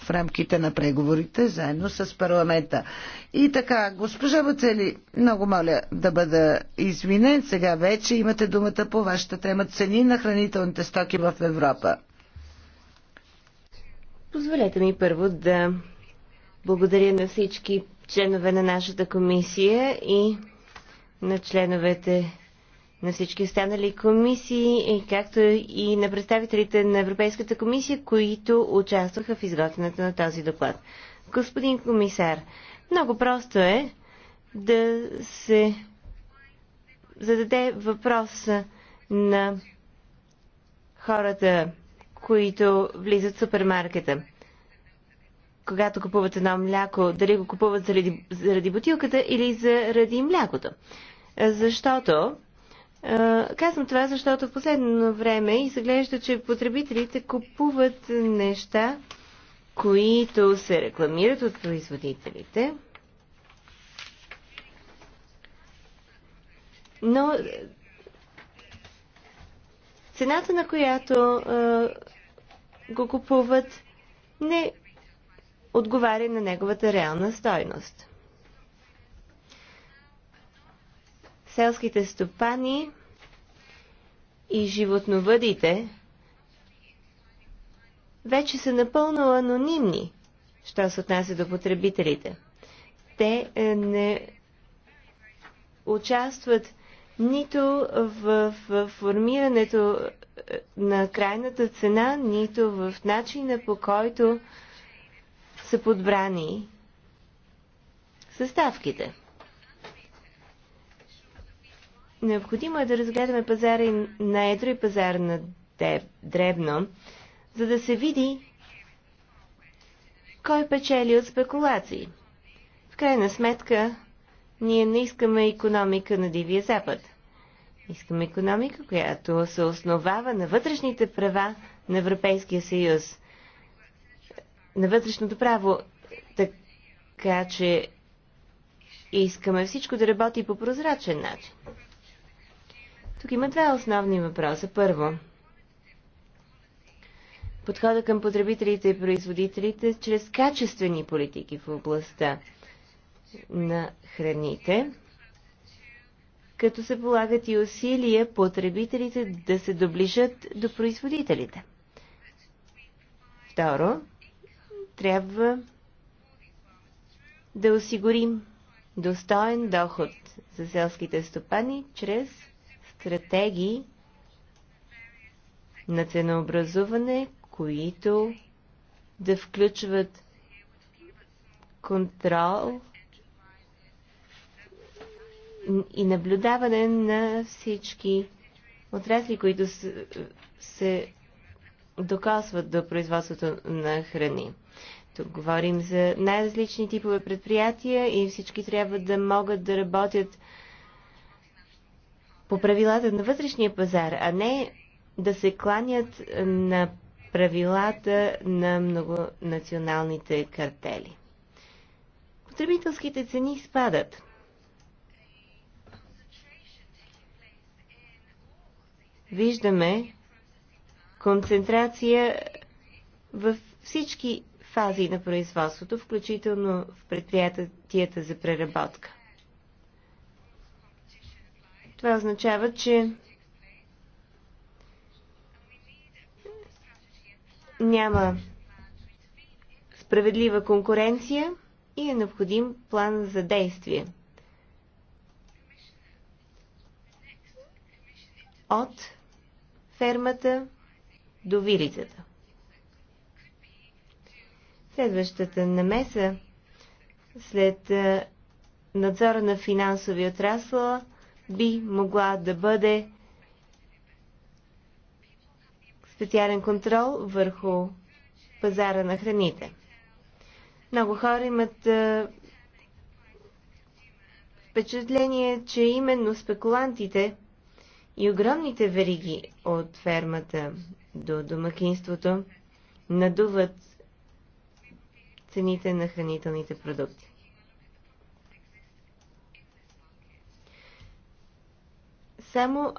в рамките на преговорите заедно с парламента. И така, госпожа Бацели, много моля да бъда извинен. Сега вече имате думата по вашата тема цени на хранителните стоки в Европа. Позволете ми първо да благодаря на всички членове на нашата комисия и на членовете на всички останали комисии, е, както и на представителите на Европейската комисия, които участваха в изготвянето на този доклад. Господин комисар, много просто е да се зададе въпрос на хората, които влизат в супермаркета. Когато купуват едно мляко, дали го купуват заради, заради бутилката или заради млякото. Защото Казвам това, защото в последно време изглежда, че потребителите купуват неща, които се рекламират от производителите, но е, цената на която а, го купуват не отговаря на неговата реална стойност. селските стопани и животновъдите вече са напълно анонимни, що се отнася до потребителите. Те е, не участват нито в, в формирането е, на крайната цена, нито в начина по който са подбрани съставките. Необходимо е да разгледаме пазара на едро и пазара на дребно, за да се види кой печели от спекулации. В крайна сметка, ние не искаме економика на Дивия Запад. Искаме економика, която се основава на вътрешните права на Европейския съюз, на вътрешното право, така че искаме всичко да работи по прозрачен начин. Тук има два основни въпроса. Първо, подхода към потребителите и производителите чрез качествени политики в областта на храните, като се полагат и усилия потребителите да се доближат до производителите. Второ, трябва да осигурим достоен доход за селските стопани чрез стратегии на ценообразуване, които да включват контрол и наблюдаване на всички отрасли, които се, се докосват до производството на храни. Тук говорим за най-различни типове предприятия и всички трябва да могат да работят по правилата на вътрешния пазар, а не да се кланят на правилата на многонационалните картели. Потребителските цени спадат. Виждаме концентрация в всички фази на производството, включително в предприятията за преработка. Това означава, че няма справедлива конкуренция и е необходим план за действие. От фермата до вилицата. Следващата намеса след надзора на финансови отрасла би могла да бъде специален контрол върху пазара на храните. Много хора имат впечатление, че именно спекулантите и огромните вериги от фермата до домакинството надуват цените на хранителните продукти. Само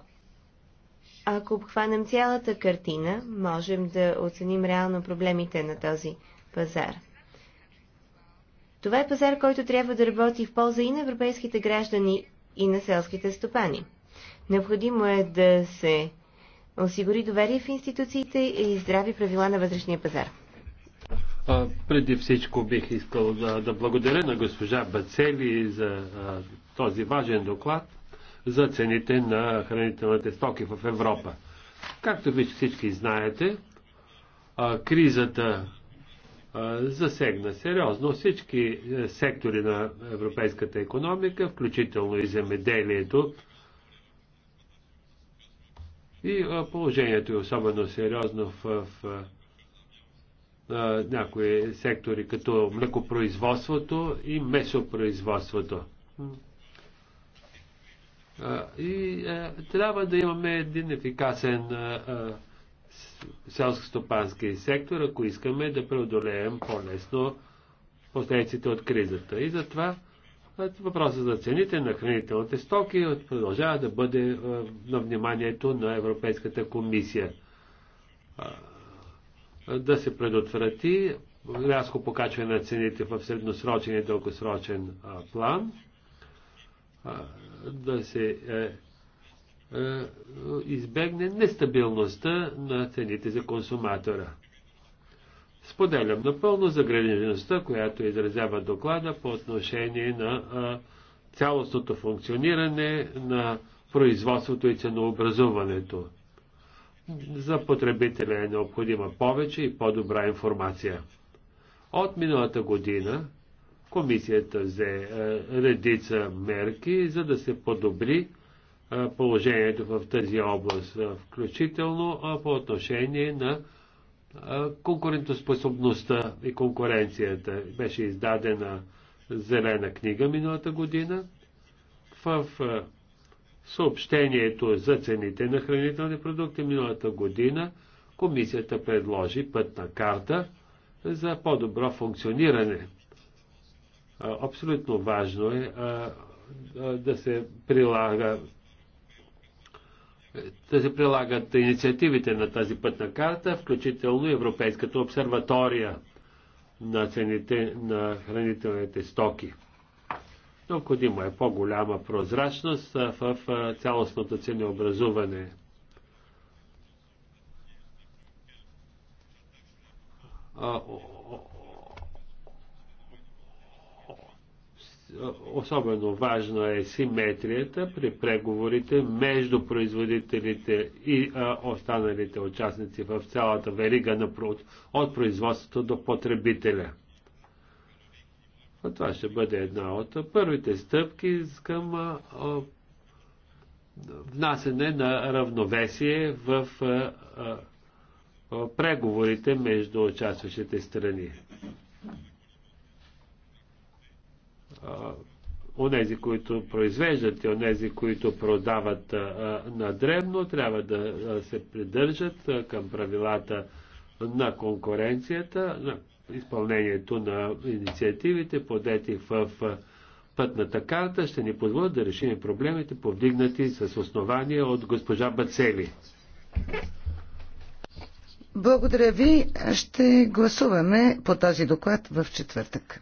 ако обхванем цялата картина, можем да оценим реално проблемите на този пазар. Това е пазар, който трябва да работи в полза и на европейските граждани, и на селските стопани. Необходимо е да се осигури доверие в институциите и здрави правила на вътрешния пазар. А, преди всичко бих искал да, да благодаря на госпожа Бацели за а, този важен доклад за цените на хранителните стоки в Европа. Както ви всички знаете, кризата засегна сериозно всички е, сектори на европейската економика, включително и земеделието. И положението е особено сериозно в, в някои сектори, като млекопроизводството и месопроизводството. И трябва да имаме един ефикасен селско-стопански сектор, ако искаме да преодолеем по-лесно последиците от кризата. И затова въпросът за цените на хранителните стоки продължава да бъде на вниманието на Европейската комисия. Да се предотврати рязко покачване на цените в средносрочен и дългосрочен план да се е, е, избегне нестабилността на цените за консуматора. Споделям напълно загрежеността, която изразява доклада по отношение на е, цялостното функциониране на производството и ценообразуването. За потребителя е необходима повече и по-добра информация. От миналата година Комисията взе е, редица мерки, за да се подобри е, положението в тази област, е, включително по отношение на конкурентоспособността и конкуренцията. Беше издадена зелена книга миналата година. В съобщението за цените на хранителни продукти миналата година комисията предложи пътна карта за по-добро функциониране Абсолютно важно е да се прилага да се прилагат инициативите на тази пътна карта, включително Европейската обсерватория на цените на хранителните стоки. Необходимо е по-голяма прозрачност в цялостното ценообразуване. Особено важна е симетрията при преговорите между производителите и а, останалите участници в цялата верига на, от производството до потребителя. А това ще бъде една от първите стъпки към а, внасене на равновесие в а, а, преговорите между участващите страни. онези, които произвеждат и онези, които продават на древно, трябва да се придържат към правилата на конкуренцията, на изпълнението на инициативите, подети в пътната карта, ще ни позволят да решим проблемите, повдигнати с основание от госпожа Бацели. Благодаря ви. Ще гласуваме по този доклад в четвъртък.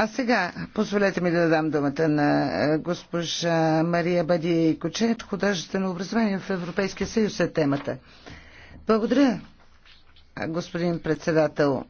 А сега позволете ми да дам думата на е, госпожа Мария Бади Кочет, художествено образование в Европейския съюз е темата. Благодаря, господин председател.